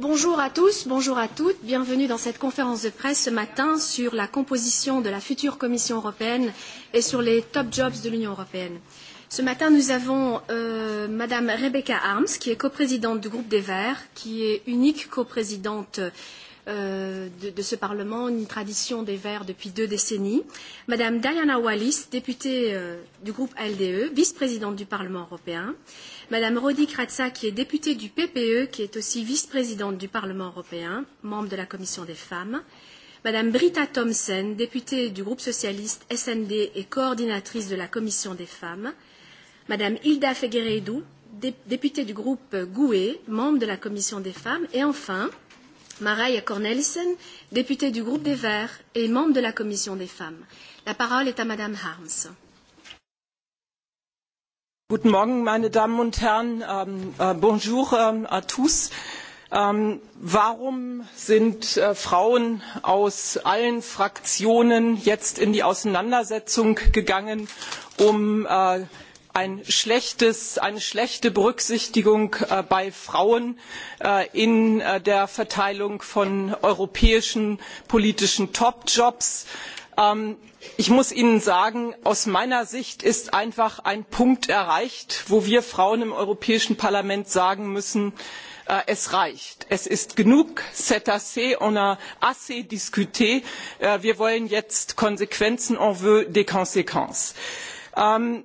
Bonjour à tous, bonjour à toutes, bienvenue dans cette conférence de presse ce matin sur la composition de la future Commission européenne et sur les top jobs de l'Union européenne. Ce matin, nous avons euh, Madame Rebecca Arms, qui est coprésidente du groupe des Verts, qui est unique coprésidente euh, Euh, de, de ce Parlement, une tradition des Verts depuis deux décennies. Madame Diana Wallis, députée euh, du groupe LDE, vice-présidente du Parlement européen. Madame Rodi Kratza, qui est députée du PPE, qui est aussi vice-présidente du Parlement européen, membre de la Commission des femmes. Madame Britta Thomsen, députée du groupe socialiste SND et coordinatrice de la Commission des femmes. Madame Hilda Fegueredou, députée du groupe GUE, membre de la Commission des femmes. Et enfin, Maria Cornelissen, députée du groupe des Verts et membre de la Commission des femmes. La parole est à Madame Harms. Guten Morgen, meine Damen und Herren. Ähm, äh, bonjour äh, à tous. Ähm, warum sind äh, Frauen aus allen Fraktionen jetzt in die Auseinandersetzung gegangen, um äh, eine schlechte berücksichtigung äh, bei frauen äh, in äh, der verteilung von europäischen politischen topjobs. Ähm, ich muss ihnen sagen aus meiner sicht ist einfach ein punkt erreicht wo wir frauen im europäischen parlament sagen müssen es reicht es ist genug c'est assez on a assez discut wir wollen jetzt konsequenzen on veut des consquences. Ähm,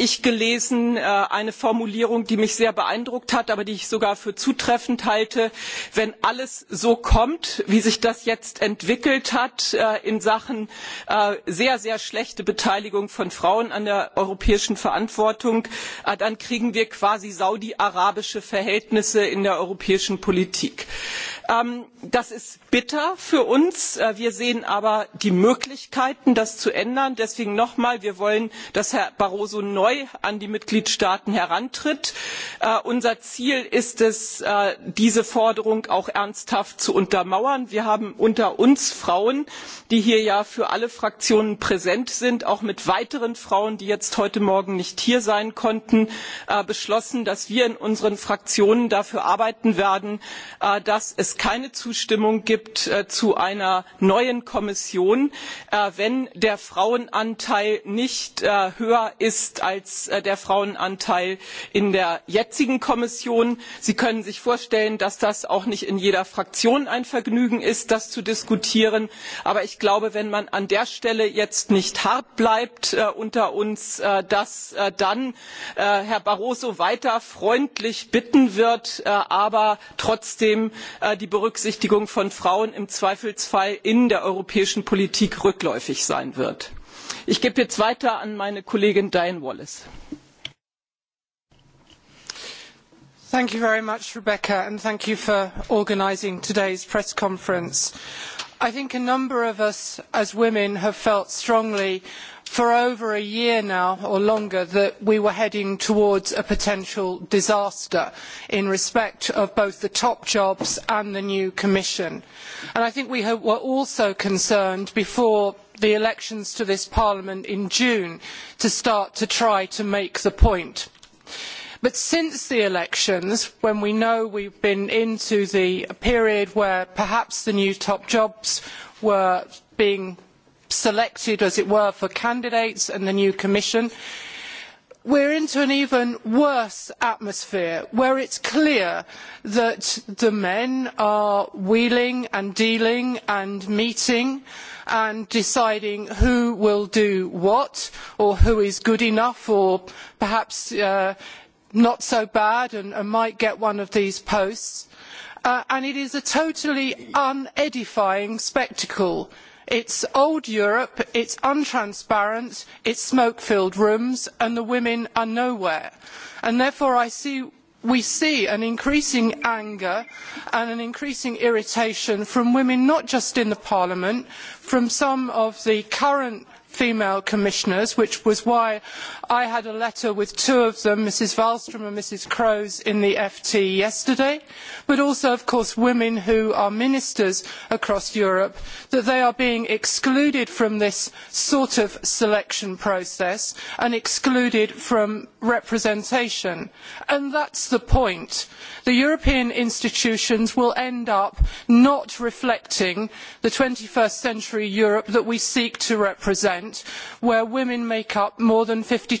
ich gelesen äh, eine formulierung die mich sehr beeindruckt hat aber die ich sogar für zutreffend halte wenn alles so kommt wie sich das jetzt entwickelt hat äh, in sachen äh, sehr sehr schlechte beteiligung von frauen an der europäischen verantwortung dann kriegen wir quasi saudi arabische verhältnisse in der europäischen politik. Ähm, das ist bitter für uns äh, wir sehen aber die möglichkeiten das zu ändern. deswegen noch einmal wir wollen dass herr barroso neu an die mitgliedstaaten herantritt. Äh, unser ziel ist es äh, diese forderung auch ernsthaft zu untermauern. wir haben unter uns frauen die hier ja für alle fraktionen präsent sind auch mit weiteren frauen die jetzt heute morgen nicht hier sein konnten beschlossen dass wir in unseren fraktionen dafür arbeiten werden dass keine zustimmung gibt äh, zu einer neuen kommission äh, wenn der frauenanteil nicht äh, höher ist als der frauenanteil in der jetzigen kommission. sie können sich vorstellen dass das auch nicht in jeder fraktion ein vergnügen ist das zu diskutieren aber ich glaube wenn man an der stelle jetzt nicht hart bleibt unter uns dass dann herr barroso weiter freundlich bitten wird aber trotzdem die berücksichtigung von frauen im zweifelsfall in der europäischen politik rückläufig sein wird. ich gebe jetzt weiter an meine kollegin diane wallis. thank you very much rebecca and thank you for organising today's press conference. i think a number of us as women have felt strongly for over a year now or longer that we were heading towards a potential disaster in respect of both the top jobs and the new commission. And I think we were also concerned before the elections to this parliament in June to start to try to make the point. But since the elections, when we know we've been into the period where perhaps the new top jobs were being selected, as it were, for candidates and the new Commission, we're into an even worse atmosphere where it's clear that the men are wheeling and dealing and meeting and deciding who will do what or who is good enough or perhaps uh, not so bad and, and might get one of these posts. Uh, and it is a totally unedifying spectacle it's old europe it's untransparent it's smoke filled rooms and the women are nowhere and therefore we see an increasing anger and an increasing irritation from women not just in parliament from some of the current female commissioners which was why i had a letter with two of them mrs wallstrm and mrs kroes in the ft yesterday but also of course women who are ministers across europe that they are being excluded from this sort of selection process and excluded from representation and that's the point the european institutions will end up not reflecting the 21st century europe that we seek to represent where women make up more than 50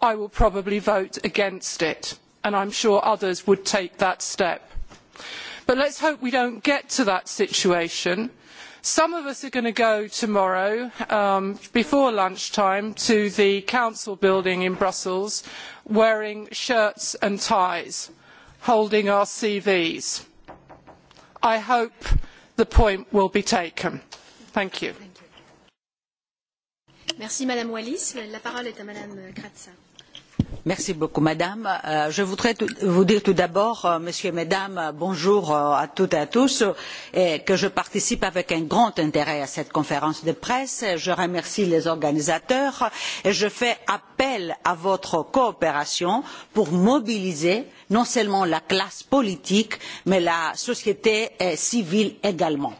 i will probably vote against it and i am sure others would take that step. but let us hope we do not get to that situation. some of us are going to go tomorrow um, before lunchtime to the council building in brussels wearing shirts and ties holding our cvs. i hope the point will be taken. thank you. Merci beaucoup, madame. Euh, je voudrais vous dire tout d'abord, euh, monsieur et mesdames, euh, bonjour à toutes et à tous, et que je participe avec un grand intérêt à cette conférence de presse. Je remercie les organisateurs et je fais appel à votre coopération pour mobiliser non seulement la classe politique, mais la société civile également.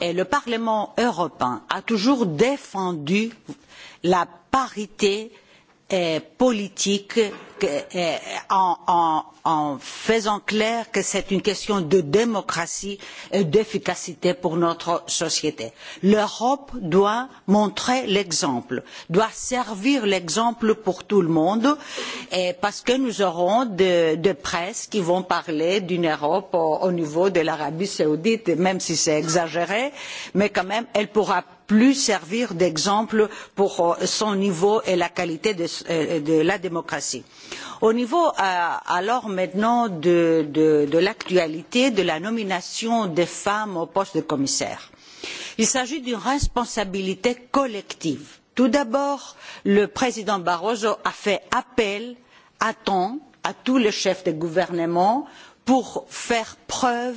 Et le Parlement européen a toujours défendu la parité euh, Euh, politique euh, en, en faisant clair que c'est une question de démocratie et d'efficacité pour notre société. L'Europe doit montrer l'exemple, doit servir l'exemple pour tout le monde, et parce que nous aurons des de presses qui vont parler d'une Europe au, au niveau de l'Arabie saoudite, même si c'est exagéré, mais quand même, elle pourra plus servir d'exemple pour euh, son niveau et la qualité de, euh, de la démocratie. Au niveau euh, alors maintenant de, de, de l'actualité de la nomination des femmes au poste de commissaire, il s'agit d'une responsabilité collective. Tout d'abord, le président Barroso a fait appel à temps à tous les chefs de gouvernement pour faire preuve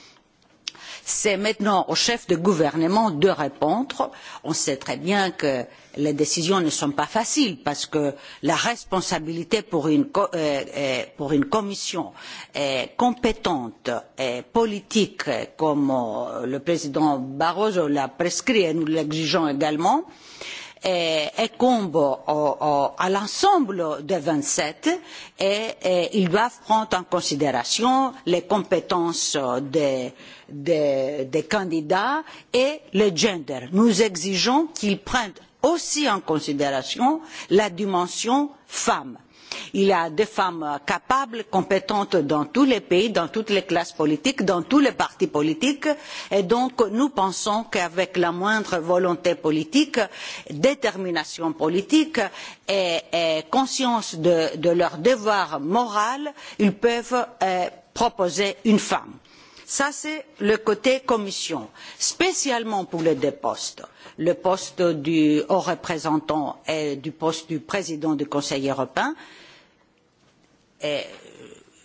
C'est maintenant au chef de gouvernement de répondre. On sait très bien que les décisions ne sont pas faciles parce que la responsabilité pour une, euh, euh, pour une commission compétente et politique comme euh, le président Barroso l'a prescrit et nous l'exigeons également, euh, incombe à l'ensemble des vingt sept et, et ils doivent prendre en considération les compétences des, des, des candidats et le gender. nous exigeons qu'ils prennent aussi en considération la dimension femme il y a des femmes capables compétentes dans tous les pays dans toutes les classes politiques dans tous les partis politiques et donc nous pensons qu'avec la moindre volonté politique détermination politique et, et conscience de, de leur devoir moral ils peuvent euh, proposer une femme. Ça, c'est le côté commission, spécialement pour les deux postes, le poste du haut représentant et du poste du président du Conseil européen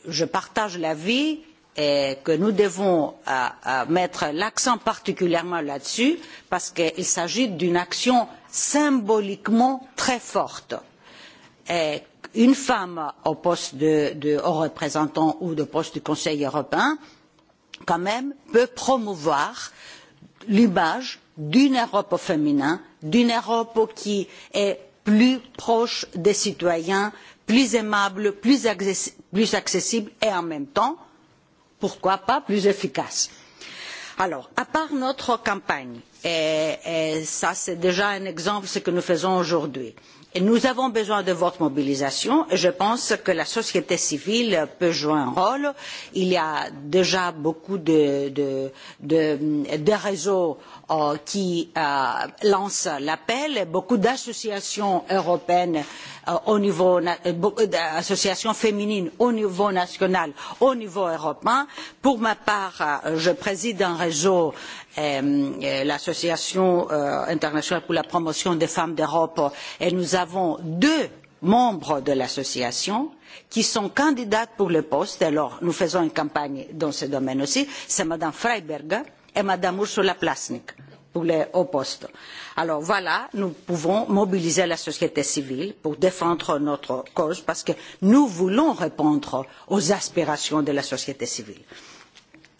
je partage l'avis que nous devons euh, euh, mettre l'accent particulièrement là dessus parce qu'il s'agit d'une action symboliquement très forte. une femme au poste de, de haut représentant ou au poste du conseil européen quand même peut promouvoir l'image d'une europe au féminin d'une europe qui est plus proche des citoyens, plus aimable, plus, accessible et en même temps, pourquoi pas, plus efficace. Alors, à part notre campagne, et, et ça c'est déjà un exemple ce que nous faisons aujourd'hui, Et nous avons besoin de votre mobilisation et je pense que la société civile peut jouer un rôle. Il y a déjà beaucoup de, de, de, de réseaux euh, qui euh, lancent l'appel, beaucoup d'associations européennes euh, au niveau, euh, euh, d'associations féminines au niveau national, au niveau européen. Pour ma part, euh, je préside un réseau Euh, euh, l'association euh, internationale pour la promotion des femmes d'Europe et nous avons deux membres de l'association qui sont candidates pour le poste. Alors nous faisons une campagne dans ce domaine aussi. C'est Mme Freiberger et Mme Ursula Plasnik pour les hauts postes. Alors voilà, nous pouvons mobiliser la société civile pour défendre notre cause parce que nous voulons répondre aux aspirations de la société civile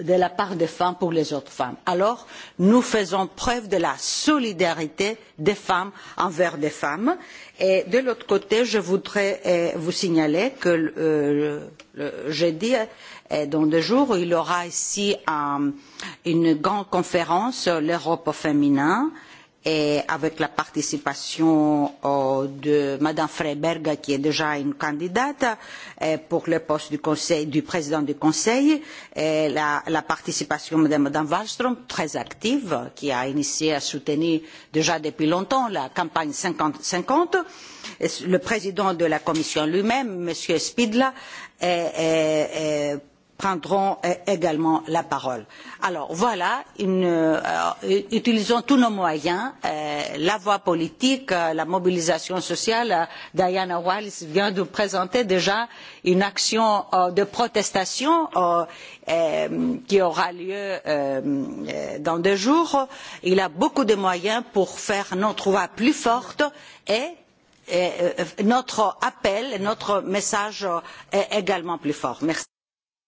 de la part des femmes pour les autres femmes. alors nous faisons preuve de la solidarité des femmes envers les femmes et de l'autre côté je voudrais eh, vous signaler que le, euh, jeudi eh, dans deux jours il y aura ici une grande conférence l'europe au féminin et avec la participation euh, de Madame Freiberg, qui est déjà une candidate euh, pour le poste du, conseil, du président du Conseil, et la, la participation de Madame Wallström, très active, qui a initié à soutenir déjà depuis longtemps la campagne 50-50, le président de la Commission lui-même, Monsieur Spidla, est, est, est prendront eh, également la parole. Alors voilà, une, euh, euh utilisons tous nos moyens, euh, la voie politique, euh, la mobilisation sociale. Euh, Diana Wallis vient de présenter déjà une action euh, de protestation euh, euh, qui aura lieu euh, euh dans deux jours. Il a beaucoup de moyens pour faire notre voix plus forte et notre appel notre message est également plus fort. Merci.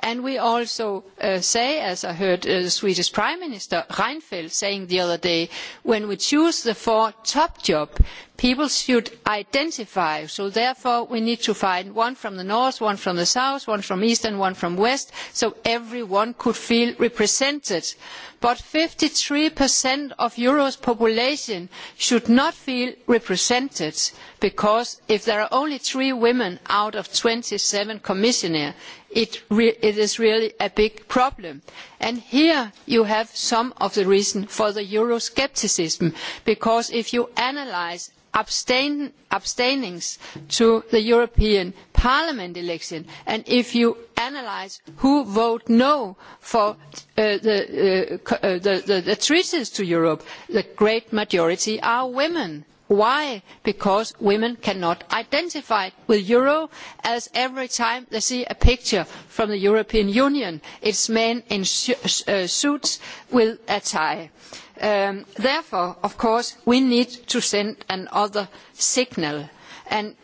And we also uh, say, as I heard uh, the Swedish Prime Minister Reinfeldt saying the other day, when we choose the four top jobs, people should identify. So therefore, we need to find one from the north, one from the south, one from east, and one from west, so everyone could feel represented. But 53% of Europe's population should not feel represented, because if there are only three women out of 27 commissioners, It, is really a big problem. And here you have some of the reason for the Euroscepticism, because if you analyse abstaining abstainings to the European Parliament election, and if you analyse who voted no for uh, uh, uh, the, treaties to Europe, the great majority are women. Why? Because women cannot identify with Euro as every time they see a picture from the European Union, it's men in suits with a tie. Um, therefore, of course, we need to send another signal. And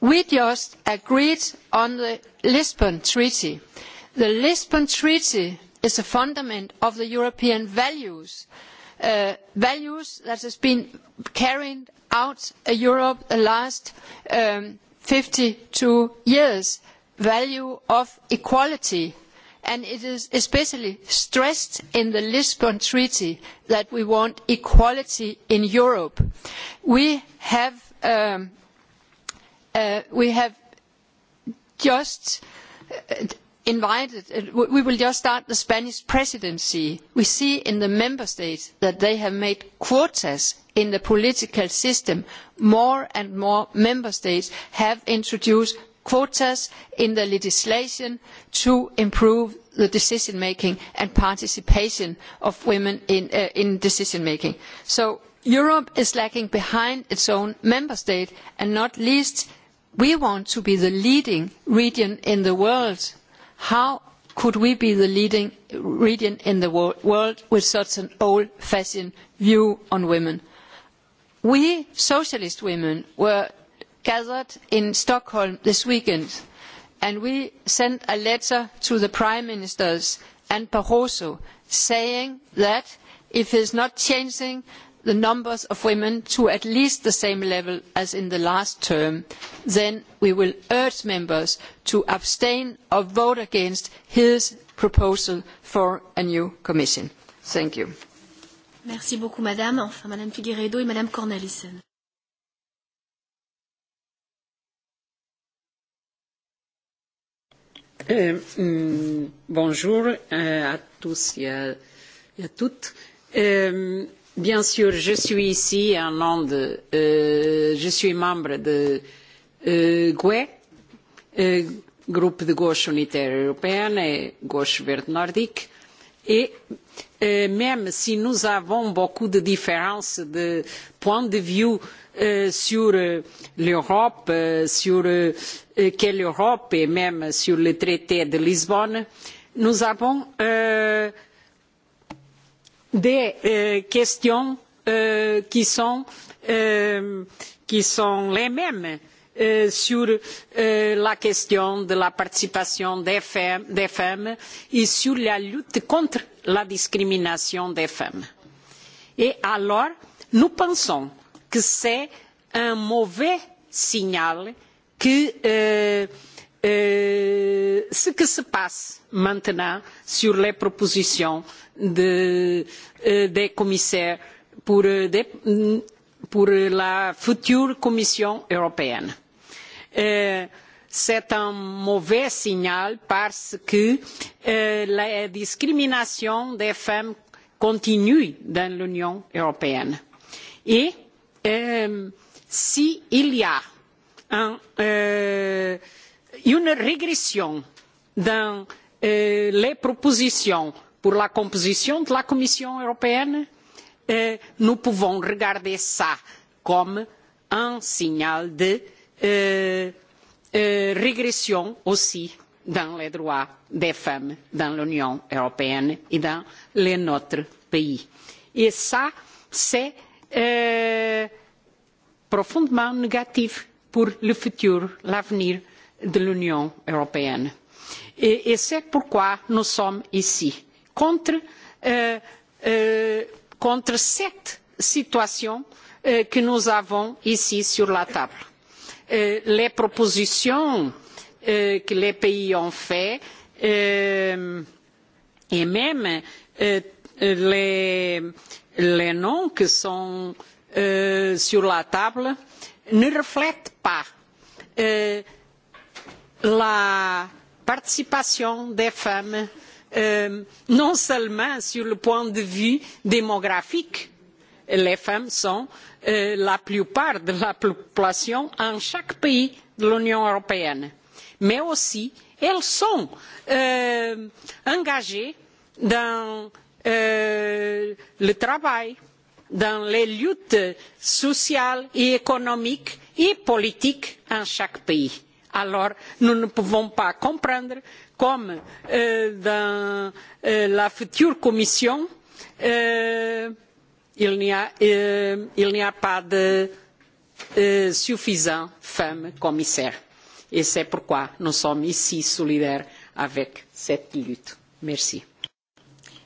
we just agreed on the Lisbon Treaty. The Lisbon Treaty is a fundament of the European values, uh, values that has been carried out in Europe the last um, fifty 52 years, value of equality, and it is especially stressed in the lisbon treaty that we want equality in europe. we will just start the spanish presidency we see in the member states that they have made quotas in the political system more and more member states have introduced quotas in the legislation to improve the decision making and participation of women in, uh, in decision making. So Europe is lagging behind its own member state and not least we want to be the leading region in the world. How could we be the leading region in the world with such an old-fashioned view on women? We socialist women were gathered in stockholm this weekend and we sent a letter to the prime ministers and barroso saying that if he is not changing the numbers of women to at least the same level as in the last term then we will urge members to abstain or vote against his proposal for a new commission. thank you. Merci beaucoup, Madame. Madame Figueredo Madame Eh, mm, bonjour eh, à tous et à, toutes. Eh, bien sûr, je suis ici en nom de, je suis membre de GUE, groupe de gauche unitaire européenne et gauche verte nordique et euh, même si nous avons beaucoup de différences de point de vue euh, sur euh, l'Europe, euh, sur euh, euh, quelle Europe et même sur le traité de Lisbonne, nous avons des questions qui sont, qui sont les mêmes Euh, sur euh, la question de la participation des femmes et sur la lutte contre la discrimination des femmes. Et alors, nous pensons que c'est un mauvais signal que euh, ce qui se passe maintenant sur les propositions des commissaires pour la future Commission européenne c'est eh, un mauvais signal parce que eh, la discrimination des femmes continue dans l'Union européenne. Et eh, s'il y a une régression dans les propositions pour la composition de la Commission européenne, nous pouvons regarder cela comme un signal de Euh, euh, régression aussi dans les droits des femmes dans l'Union européenne et dans les notre pays. Et cela c'est euh, profondément négatif pour le futur, l'avenir de l'Union européenne. Et, c'est pourquoi nous sommes ici, contre, cette situation que nous avons ici sur la table Euh, les propositions euh, que les pays ont faites euh, et même les, les noms qui sont euh, sur la table ne reflètent pas euh, la participation des femmes euh, non seulement sur le point de vue démographique les femmes sont Euh, la plupart de la population en chaque pays de l'Union européenne. Mais aussi, elles sont euh, engagées dans euh, le travail, dans les luttes sociales et économiques et politiques en chaque pays. Alors, nous ne pouvons pas comprendre comme euh, dans euh, la future Commission, euh, Euh, il n'y a, pas de euh, suffisant femmes commissaires. Et c'est pourquoi nous sommes ici solidaires avec cette lutte. Merci.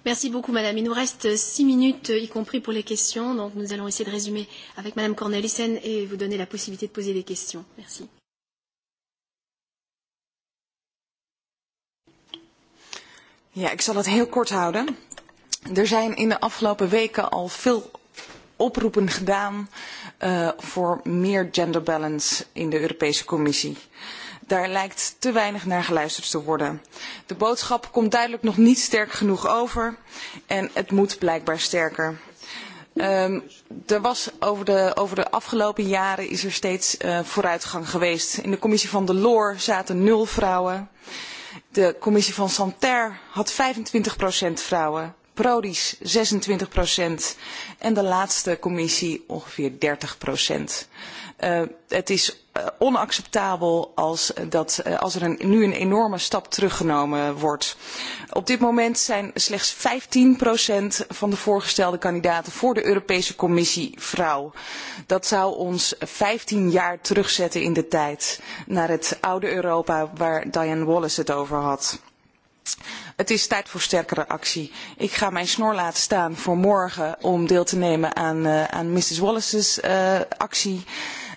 Merci beaucoup, Madame. Il nous reste six minutes, y compris pour les questions. Donc, nous allons essayer de résumer avec Madame Cornelissen et vous donner la possibilité de poser des questions. Merci. Ja, ik zal het heel kort houden. Er zijn in de afgelopen weken al veel oproepen gedaan uh, voor meer gender balance in de Europese Commissie. Daar lijkt te weinig naar geluisterd te worden. De boodschap komt duidelijk nog niet sterk genoeg over en het moet blijkbaar sterker. Um, er was over, de, over de afgelopen jaren is er steeds uh, vooruitgang geweest. In de commissie van de Loor zaten nul vrouwen. De commissie van Santerre had 25% vrouwen. ProRiS 26 procent en de laatste commissie ongeveer 30 procent. Uh, het is eh, onacceptabel als, dat, eh, als er een, nu een enorme stap teruggenomen wordt. Op dit moment zijn slechts 15% van de voorgestelde kandidaten voor de Europese Commissie vrouw. Dat zou ons 15 jaar terugzetten in de tijd naar het oude Europa waar Diane Wallace het over had. Het is tijd voor sterkere actie. Ik ga mijn snor laten staan voor morgen om deel te nemen aan, uh, aan Mrs. Wallace's uh, actie.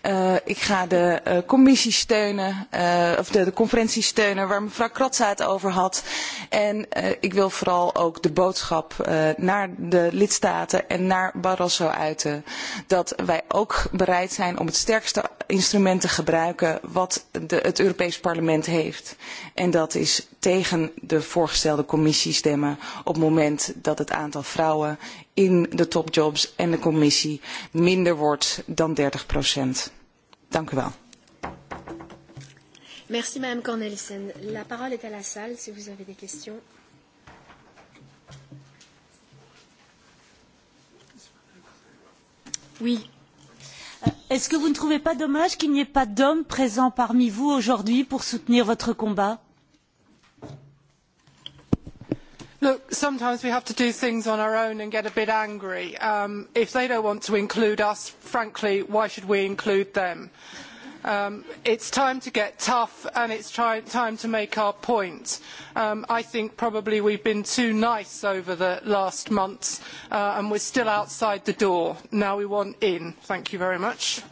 Uh, ik ga de uh, commissie steunen, uh, of de, de conferentie steunen waar mevrouw Kratza het over had. En uh, ik wil vooral ook de boodschap uh, naar de lidstaten en naar Barroso uiten. Dat wij ook bereid zijn om het sterkste instrumenten gebruiken wat de, het Europees Parlement heeft. En dat is tegen de voorgestelde commissie stemmen op het moment dat het aantal vrouwen in de topjobs en de commissie minder wordt dan 30 procent. Dank u wel. Merci Madame Cornelissen. La parole est à la salle si vous avez des questions. Oui, Euh, est ce que vous ne trouvez pas dommage qu'il n'y ait pas d'hommes présents parmi vous aujourd'hui pour soutenir votre combat? sometimes we have to do things on our own and get a bit angry. Um, if they don't want to include us, frankly, why should we include them? Um, it's time to get tough and it's time to make our point. Um, I think probably we've been too nice over the last months uh, and we're still outside the door. Now we want in. Thank you very much.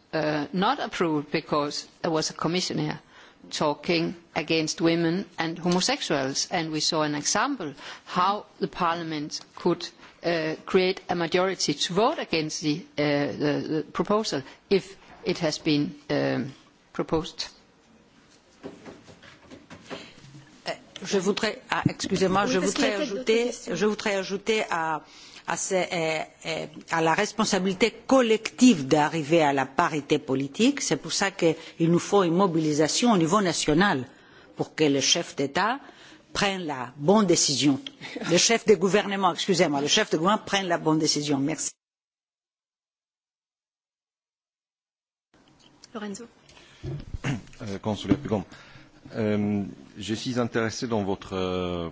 Uh, not approved because there was a commissioner talking against women and homosexuals. And we saw an example how the parliament could uh, create a majority to vote against the, uh, the, the proposal if it has been um, proposed. Euh, je voudrais, ah, excusez-moi, oui, je, voudrais ajouter, je voudrais ajouter à, à, ce, euh, euh, à la responsabilité collective d'arriver à la parité politique. C'est pour ça qu'il nous faut une mobilisation au niveau national pour que les chefs d'État prennent la bonne décision. Le chef de gouvernement, excusez-moi, le chef de gouvernement prenne la bonne décision. Merci. Lorenzo. Euh, consul Epigom, euh, je suis intéressé dans votre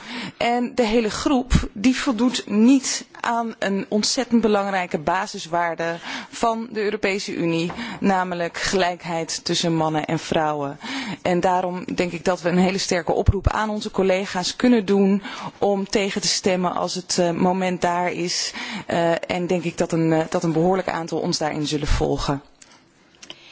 En de hele groep die voldoet niet aan een ontzettend belangrijke basiswaarde van de Europese Unie, namelijk gelijkheid tussen mannen en vrouwen. En daarom denk ik dat we een hele sterke oproep aan onze collega's kunnen doen om tegen te stemmen als het eh, moment daar is. Eh, en denk ik dat een, eh, dat een behoorlijk aantal ons daarin zullen volgen.